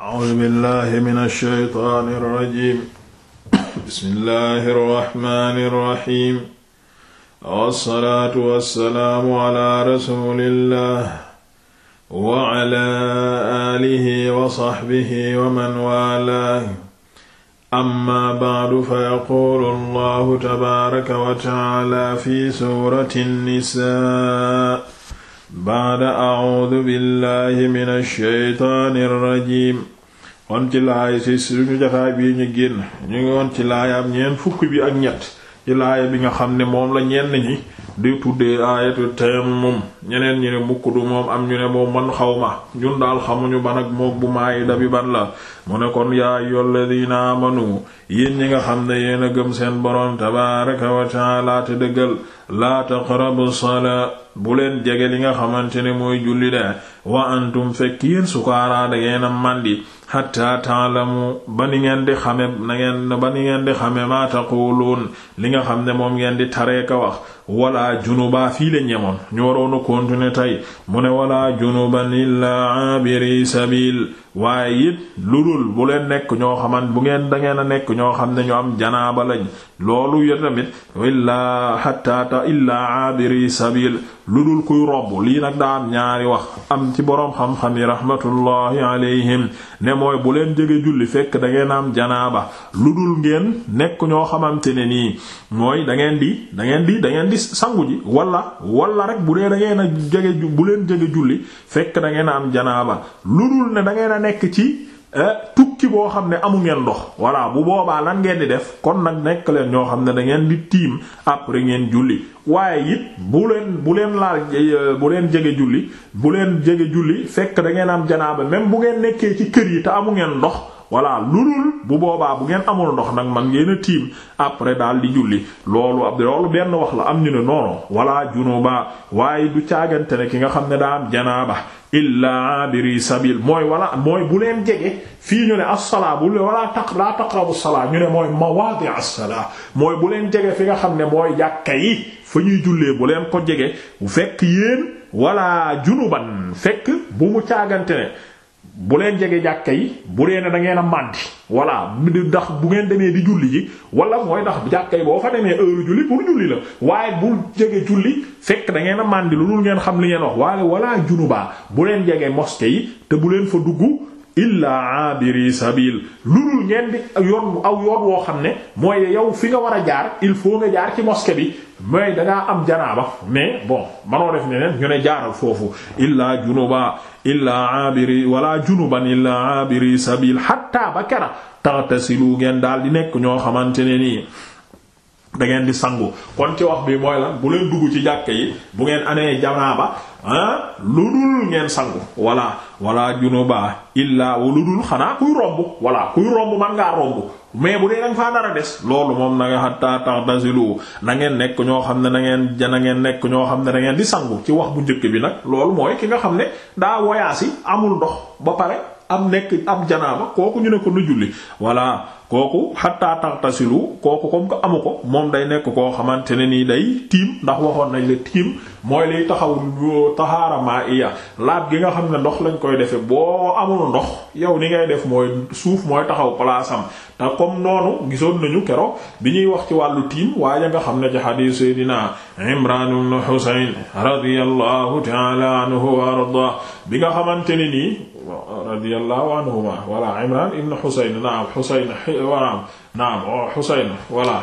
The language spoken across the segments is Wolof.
A'uuzu billaahi mina shaytaani rajiim bismillaahi rahmaani rahiim wassalaatu wassalaamu alaa rasuulillaah wa alaa aalihi wa sahbihi wa man waalaah amma ba'du fa yaquulu Allaahu tabaaraka wa ta'aalaa fi suurati nisaa baada audu billahi min alsheytaani irrajim kon ci laay si suñu jataay bii ñu génn ñu ngi woon ci laayam ñeent fukk bi ak ñett ci laaya bi nga xam ne moom la ñenn ñi di tuddee aayatu tayammum ñeneen ñi ne mukk du moom am ñu ne moom man xaw ma ñun daal xamuñu ban mook bu maayida bi ban la mu ne kon yaa ayyuhal ladina amanu yéen ñi nga xam ne yéen a gëm seen boroom tabaraka wa taala te dëggal laa taqrabu salaa bu leen jege li nga xamante ne mooy julli de wa antum fekk yéen sukaaraa da màndi xatta mu ba ni ngeen di xame na ba ni ngeen di xame maa taquluun li nga xam ne moom ngeen di taree ka wax wala junuba fii la ñemoon ñu waroon a continuer tey mu ne wala junuban illaa abiri sabil waaye it lu dul bu leen nekk ñoo xamant bu ngeen da ngeen a nekk ñoo xam ne ñu am janaaba lañ loolu yo tamit illaa hattaata illaa abiri sabil lu dul kuy robb lii nag daa ñaari wax am ci boroom xam-xam yi rahmatullahi alayhim ne mooy bu leen jege julli fekk da ngeen am janaaba lu dul ngeen nekk ñoo xamante ne nii mooy da di da di da di sangu ji wala wala rek bu dee da ngeen a jege bu leen jege julli fekk da ngeen a am janaaba lu dul ne da ngeen a nekk ci eh, tukki boo xam ne amu ngeen ndox voilà bu boobaa lan ngeen di def kon nag nekk leen ñoo xam ne da ngeen di tiim après ngeen julli waaye it bu leen bu leen laal eh, bu leen jege julli bu leen jege julli fekk da ngeen am janaaba même bu ngeen nekkee ci kër yi te amu ngeen ndox. voilà lulul bu boobaa bu ngeen amul ndox nag man ngeen a tiim après daal di julli loolu loolu benn wax la am ñu ne noono wala junuba waaye du caagante ne ki nga xam ne daa am janaaba illa abiri sabil mooy wala mooy bu leen jege fii ñu ne as-salaa bu wala taq laa taqrabu as mooy mawaadi as-salaa mooy bu leen jege fi nga xam ne mooy jàkka yi fa ñuy jullee bu leen ko jege bu fekk yéen wala junuban fekk bu mu caagante ne bu leen jege jàkka yi bu dee ne da ngeen a màndi di ndax bu ngeen demee di julli ji wala mooy ndax jàkka yi boo fa demee heure julli pour julli la waaye bu jege julli fekk da ngeen a màndi lu dul ngeen xam li ngeen wax waaye wala junubaa bu leen jege mosquée yi te bu leen fa dugg illaa abiri sabil lu dul ngeen di yoon aw yoon woo xam ne mooy yow fi nga war a jaar il faut nga jaar ci mosquée bi mooy dangaa am janaaba mais bon manoo def neneen ñu ne jaaral foofu illaa junuba illaa abiri wala junuban illaa abiri sabil hatta ba kera taxtasilu ngeen daal di nekk ñoo xamante ne nii da ngeen di sangu kon ci wax bi mooy lan bu leen dugg ci jàkke yi bu ngeen anee janaaba ah lu dul ngeen sangu walla walla junuba illaa lu dul xanaa kuy romb walla kuy romb man ngaa romb mais bu dee danga faa dara des loolu moom na nga hatta taxtasilu na ngeen nekk ñoo xam ne na ngeen ja na ngeen nekk ñoo xam ne da ngeen di sangu ci wax bu njëkk bi nag loolu mooy ki nga xam ne daa woyaasi amul ndox ba pare am nekk am janaaba kooku ñu ne ko nu julli voilà kooku xatta taghtasilu kooku comme ko amu ko moom day nekk koo xamante ne nii day tiim ndax waxoon nañ la tiim mooy lay taxaw euh, tahaara maa iya laab gi nga xam ne ndox lañ koy defe boo amul ndox yow ni ngay def mooy suuf mooy taxaw palaasam te comme noonu gisoon nañu kero bi ñuy wax ci wàllu tiim waaye nga xam ne ci xadiis Seydina Imraan ibn Husayn radiyallahu ta'ala bi nga xamante ne nii radiyallahu anhuma voilà imran ibn husayn naam husayn wanaam naam voilà oh,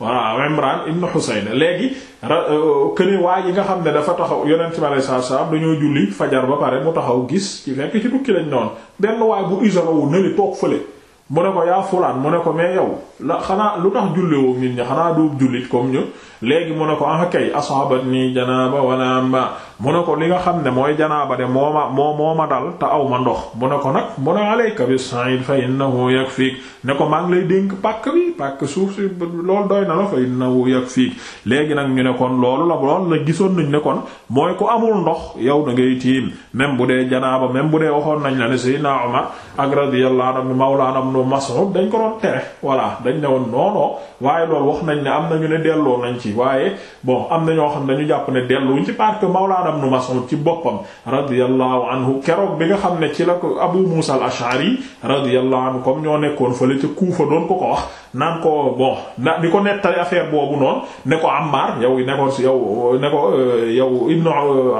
voilà imran ibn husayn léegi euh, këne waa yi nga xam ne dafa taxaw yonent bi alei satu salaam dañoo julli fajar ba pare mu taxaw gis ci fekk ci tukki lañ noonu benn waay bu isara wu nali toog fële mu ne ko yaa fulaan mu ne ko mais yow la xanaa lu tax julliwoo nit ñi xanaa doo jullit comme ñu léegi mu ne ko ah kay asaabat nii janaaba wala ma mu ne ko li nga xam ne mooy janaaba de moo ma moo moo ma te aw ma ndox mu ne ko nag mu ne alayka bis sa'id fa innahu yakfik ne ko maa ngi lay dénk pàkk bi pàkk suuf si loolu doy na la fa innahu yakfik léegi nag ñu ne kon loolu la lool la gisoon nañ ne kon mooy amul ndox yow da ngay tiim même bu dee janaaba même bu dee waxoon nañ la ne sayyidina Umar ak radiyallahu anhu mawlaana ibnu Mas'ud dañ ko doon tere voilà dañ ne woon noonoo waaye loolu wax nañ ne am nañu ne delloo nañ ci waaye bon am na ñoo xam ne dañu jàpp ne delluñ ci parce que Mawlaana ibnu Mas'ud ci boppam radiyallahu anhu keroog bi nga xam ne ci la ko Abu Musa al-Ash'ari radiyallahu anhu comme ñoo nekkoon fële ca Kufa doon ko ko wax naan ko bon na di ko nettali affaire boobu noonu ne ko Ammar yow ne ko yow ne ko euh, yow Ibnu euh,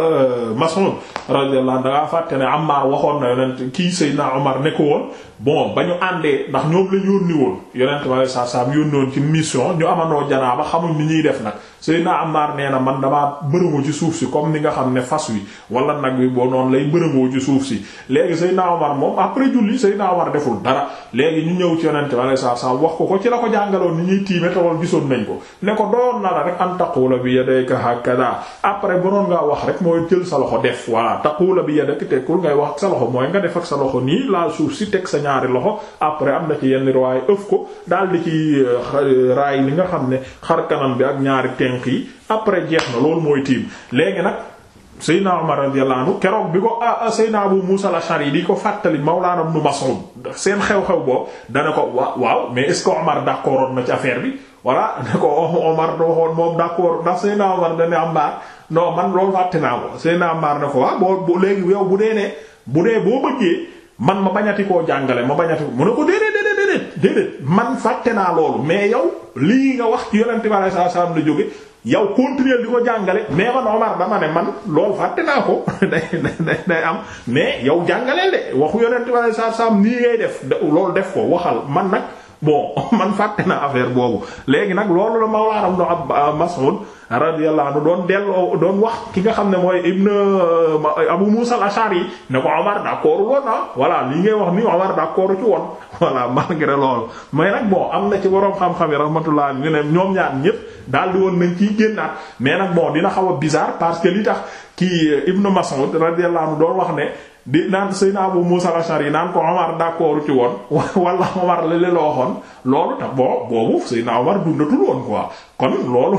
euh, Mas'ud radiyallahu anhu da ngaa fàtte ne Ammar waxoon na yonent kii Seydina Omar ne ko woon bon ba ñu àndee ndax ñoom la ñu yónni woon yonent ma saa saa mu yónni woon ci mission ñu amandoo janaaba xamul ni ñuy def nag Seydina Ammar nee na man damaa bërëngoo ci suuf si comme ni nga xam ne fas wi wala nag wi boo noonu lay bërëngoo ci suuf si léegi Seydina Omar moom après julli Seydina Omar deful dara léegi ñu ñëw ci yonent ma saa saa wax ko ko ci la ko jàngaloon ni ñuy tiime tawal gisoon nañ ko ne ko doon na la rek an taqula bi yadayka hakada après bonoon ngaa wax rek mooy jël sa loxo def voilà taqula bi yadayka tekkul ngay wax sa loxo mooy nga def ak sa loxo nii laa suuf si teg sa ñaari loxo après am na ci yenn riwaay ëf ko daal di ci euh, raay li nga xam ne xar kanam bi ak ñaari tenk yi après jeex na loolu mooy tiim léegi nag Seydina Omar radiyallahu anhu keroog bi ko ah, ah Seydina Abu Musa al-Ash'ari di ko fàttali Mawlana Ibn Mas'ud seen xew-xew boobu dana ko wa waaw mais est ce Omar d'accordoon na ci affaire bi voilà ne ko Omar waxoon moom d'accord ndax Seydina Omar dana am baar non man loolu fàtte naa ko Seydina Omar ne ko waaw ah, boo léegi yow bu dee ne bu dee boo bëggee man ma bañati koo jàngale ma bañati mu ne ko déedéet déedéet man fàtte naa loolu mais yow lii nga wax yow continuer di ko jàngale mais man Omar dama ne man loolu fàtte naa ko day day am mais yow jàngaleel de waxu yonent wala saab saab nii ngay def loolu def ko waxal man nag boo man fàtte na affaire boobu léegi nag loolu la Mawlaana Ibnu Abbaas euh, Mas'ud radiyallahu anhu doon delloo doon wax ki nga xam ne mooy ibn euh, Abu Musa al yi ne ko Omar d'accord woon na voilà li ngay wax ni Omar d'accord ci woon voilà malgré loolu mais nag bon am na ci boroom xam-xam yi rahmatullah ñu ne ñoom ñaar ñépp daal di woon nañ ciy génnaat mais nag bon dina xaw a bizarre parce que li tax kii euh, Ibnu Mas'ud radiyallahu anhu doon wax ne di naan Seydina Abu Musa al-Ash'ari naan ko Omar d'accord ci woon wala Omar la leen waxoon loolu tax bon boobu Seydina Omar dundatul woon kon loolu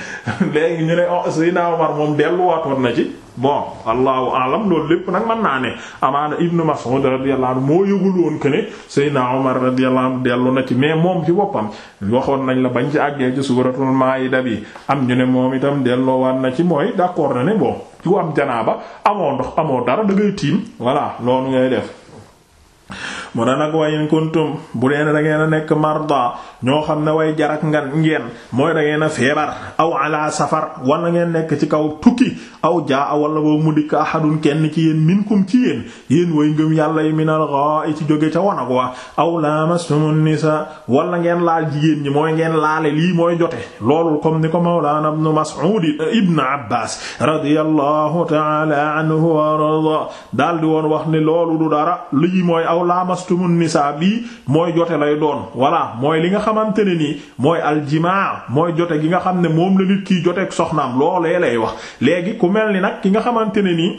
léegi ñu ne oh, Seydina Omar moom delluwaatoon na ci. bon allahu alam loolu lépp nag man naa ne amaana ibnu Mas'ud radiyallahu anhu moo yëgul woon que ne Seydina Omar radiyallahu anhu dellu na ci mais moom ci boppam waxoon nañ la bañ ci àggee ci suuratul Maa'ida bi am ñu ne moom itam delloo waat na ci mooy d'accord na ne bon ku am ba amoo ndox amoo dara da ngay tiim voilà loolu ngay def mu ne nag wayin kuntum bu deen da ngeen a nekk marda ñoo xam ne way jarak ngan ngeen mooy da ngeen a feebar aw ala safar wala ngeen nekk ci kaw tukki aw jaa a wala mu dikk ahadun kenn ci yéen minkum ci yéen yéen way ngëm yàlla yi minal gha'i ci jóge ca wanag wa aw lamastumun nisa wala ngeen laal jigéen ñi mooy ngeen laale lii mooy jote loolu comme ni ko mawlana ibn mas'ud ibn abbas radiyallahu ta'ala anhu wa arda daldi woon wax ne loolu du dara lii mooy aw lamas mastumu nisaa bii mooy jote lay doon voilà mooy li nga xamante ne nii mooy aljimaa mooy jote gi nga xam ne moom la nit kiy joteeg soxnaam loolee lay wax léegi ku mel ni nag ki nga xamante ne nii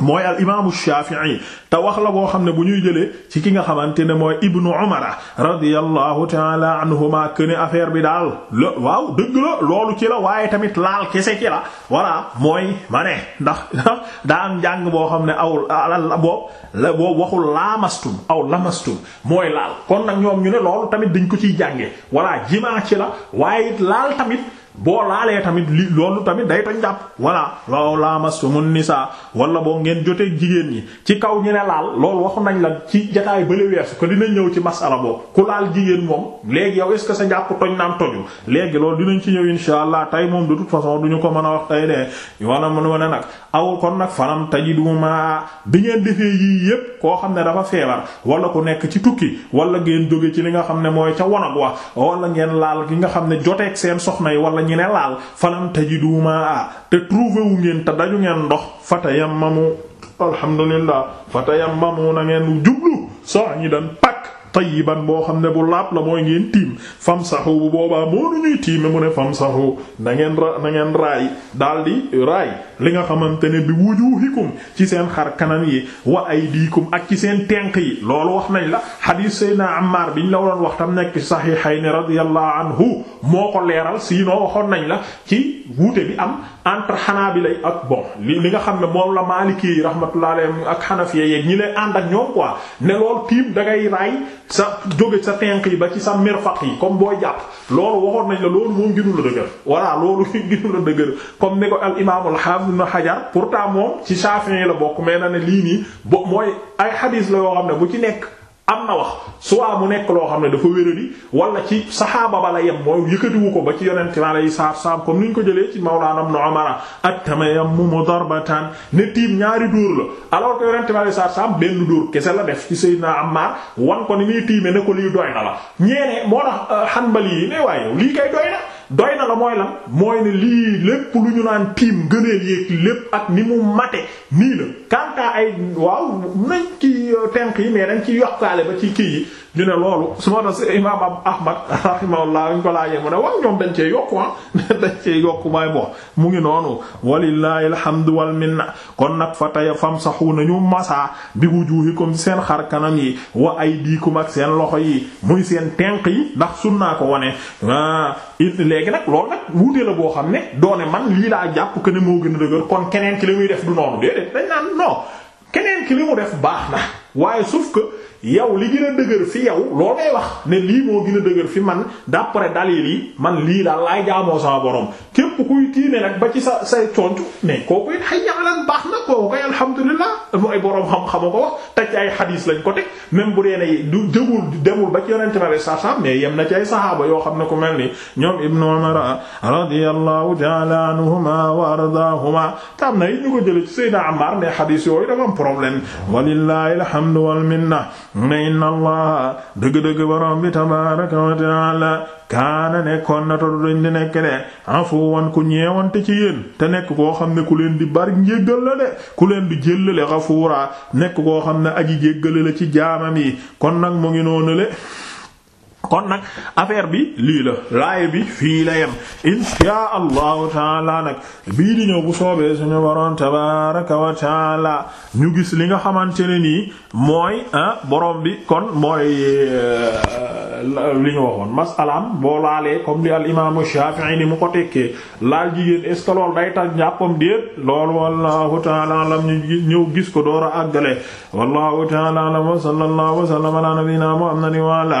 mooy al imaamu Shaafi'i te wax la boo xam ne bu ñuy jëlee ci ki nga xamante ne mooy ibnu Umar radiyallahu taala anhuma këne affaire bi daal la waaw dëgg la loolu ci la waaye tamit laal kese ci la voilà mooy ma ne ndax daa am njàng boo xam ne aw la boobu la boobu waxul laamastum aw lamastum mooy laal kon nag ñoom ñu ne loolu tamit dañ ko ciy jànge voilà jimaa ci la waaye laal tamit boo laalee tamit li loolu tamit day toj jàpp voilà waaw laama sumun nisa wala boo ngeen jotee jigéen ñi ci kaw ñu ne laal loolu waxu nañ la ci jataay bële weesu ko dina ñëw ci masala boobu ku laal jigéen moom léegi yow est sa njàpp toñ naam toju léegi loolu dinañ ci ñëw insha allah tey moom du toute façon duñu ko mën a wax tey de yoona mën wane nag aw kon nag fanam tajidu ma bi ngeen defee yii yépp koo xam ne dafa feebar wala ku nekk ci tukki wala ngeen jóge ci li nga xam ne mooy ca wanag wax wala ngeen laal gi nga xam ne joteeg seen soxna yi wala ñu ne laal falam tajidu maa te trouvé wu ngeen te daju ngeen ndox fatayammamu alhamdulillah fatayammamu na ngeen jublu sa'idan pak tayyiban boo xam ne bu laab la mooy ngeen tiim famsahu bu boobaa moo nu ñuy tiime mu ne famsahu na ngeen ra raay daldi raay li nga xamante ne bi wujuhikum ci seen xar kanam yi wa ay aydikum ak ci seen tenq yi loolu wax nañ la hadith sayna bi ñu la waroon wax tam nekk sahihayn radiyallahu anhu moo ko leeral siinoo waxoon nañ la ci wuute bi am entre Hanabila ak bon li li nga xam ne moom la Maliki yi rahmatullah alayhim ak Hanafiya yeeg ñi lay ànd ak ñoom quoi ne lool tiim da raay sa jóge sa tenq yi ba ci sa mirfaq yi comme boo jàpp loolu waxoon nañ la loolu moom gënu la dëgër voilà loolu gënu la dëgër comme ni ko al imaamul Hafiz Ibn pour pourtant moom ci Shafi'i la bokk mais na ne lii nii bo mooy ay hadith la yoo xam ne bu ci nekk. am na wax soit mu nekk loo xam ne dafa wéradi wala ci saxaaba ba la yem mooy yëkkatiwu ko ba ci yonente mi alayhi salaatu salaam comme ni ñu ko jëlee ci Mawlaana Ibn Umar at-tayammumu darbatan ne tiim ñaari dóor la alors que yonente mi alayhi salaatu kese la def ci Seydina Ammar wan ko ni muy tiime ne ko lii doy na la ñeene moo tax euh, Hanbali yi ne waaye lii kay doy na doy na la mooy lan mooy ne lii lépp lu ñu naan tiim gëneel yéeg lépp ak ni mu mate nii la kanta ay waaw a ki euh, tenq yi mais dañ ci yokkaale ba ci kii yi ñu ne loolu su ma tax imam ahmad rahimahullah ñu ko laajee mu ne waaw ñoom dañ cee yokk ah dañ cee yokku maay bo mu ngi noonu walillahi alhamdu wal minna kon nag fa tey famsahu nañu masaa bi wujuhikum seen xar kanam yi wa aydikum ak seen loxo yi muy seen tenq yi ndax sunnaa ko wone wa ah, léegi nag lool nag wuute la boo xam ne doone man lii laa jàpp que ne moo gën a dëgër kon keneen ki la muy def du noonu déedéet dañ naan non keneen ki li mu def baax na waaye sauf que yow li gën a dëgër fi yow loo ngay ne lii moo gën a dëgër fi man d'après dalil yi man lii daal laay jaamoo sama borom képp kuy tiine nag ba ci sa say tontu mais kooku it xëy na baax na kooku koy alhamdulilah mooy borom xam-xamu ko wax te ci ay xadiis lañ ko teg même bu dee ne du jëmul demul ba ci yonent bi saa saa mais yem na ci ay saxaaba yoo xam ne ku mel ni ñoom Ibnu Umar radiyallahu ta'ala anhuma wa ardaahuma tam na ñu ko jëlee ci Seydina Ammar ne xadiis yooyu dafa alhamdu wal minna ne inna allah dëgg-dëgg borom bi tabaaraka wa kaana nekkoon na todu dañ di nekk de afuwan ku ñeewante ci yéen te nekk koo xam ne ku leen di bari njéggal la de ku leen di jéllale xafuura nekk koo xam ne aji jéggale la ci jaamam yi kon nag mu ngi noonu le kon nag affaire bi lii la laay bi fii la yem insha allahu taala nag bii di ñëw bu soobee suñu boroom tabaraka wa taala ñu gis li nga xamante ne nii mooy ah, borom bi kon mooy euh, li ñu waxoon masalaam boo laalee comme li al imaamu ni mu ko tekkee laal jigéen est ce que day tax njàppam déet loolu wallahu taala ñu ñëw gis ko door a wallahu taala wa sallallahu wa sallama ala nabiyyina muhammadin wa ala